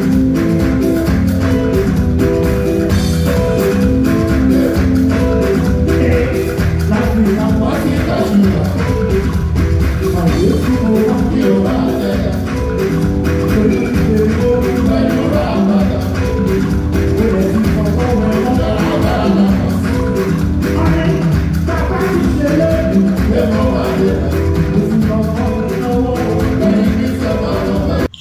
you.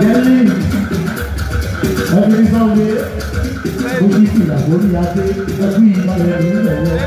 lẹ́yìn ẹbí ní sáwọlé ó kí sí ìyàwó ní adé ẹbí ìmọ̀lẹ́bí nílẹ̀ yẹn.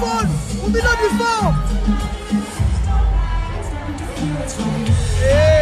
We On met là du fort. Hey.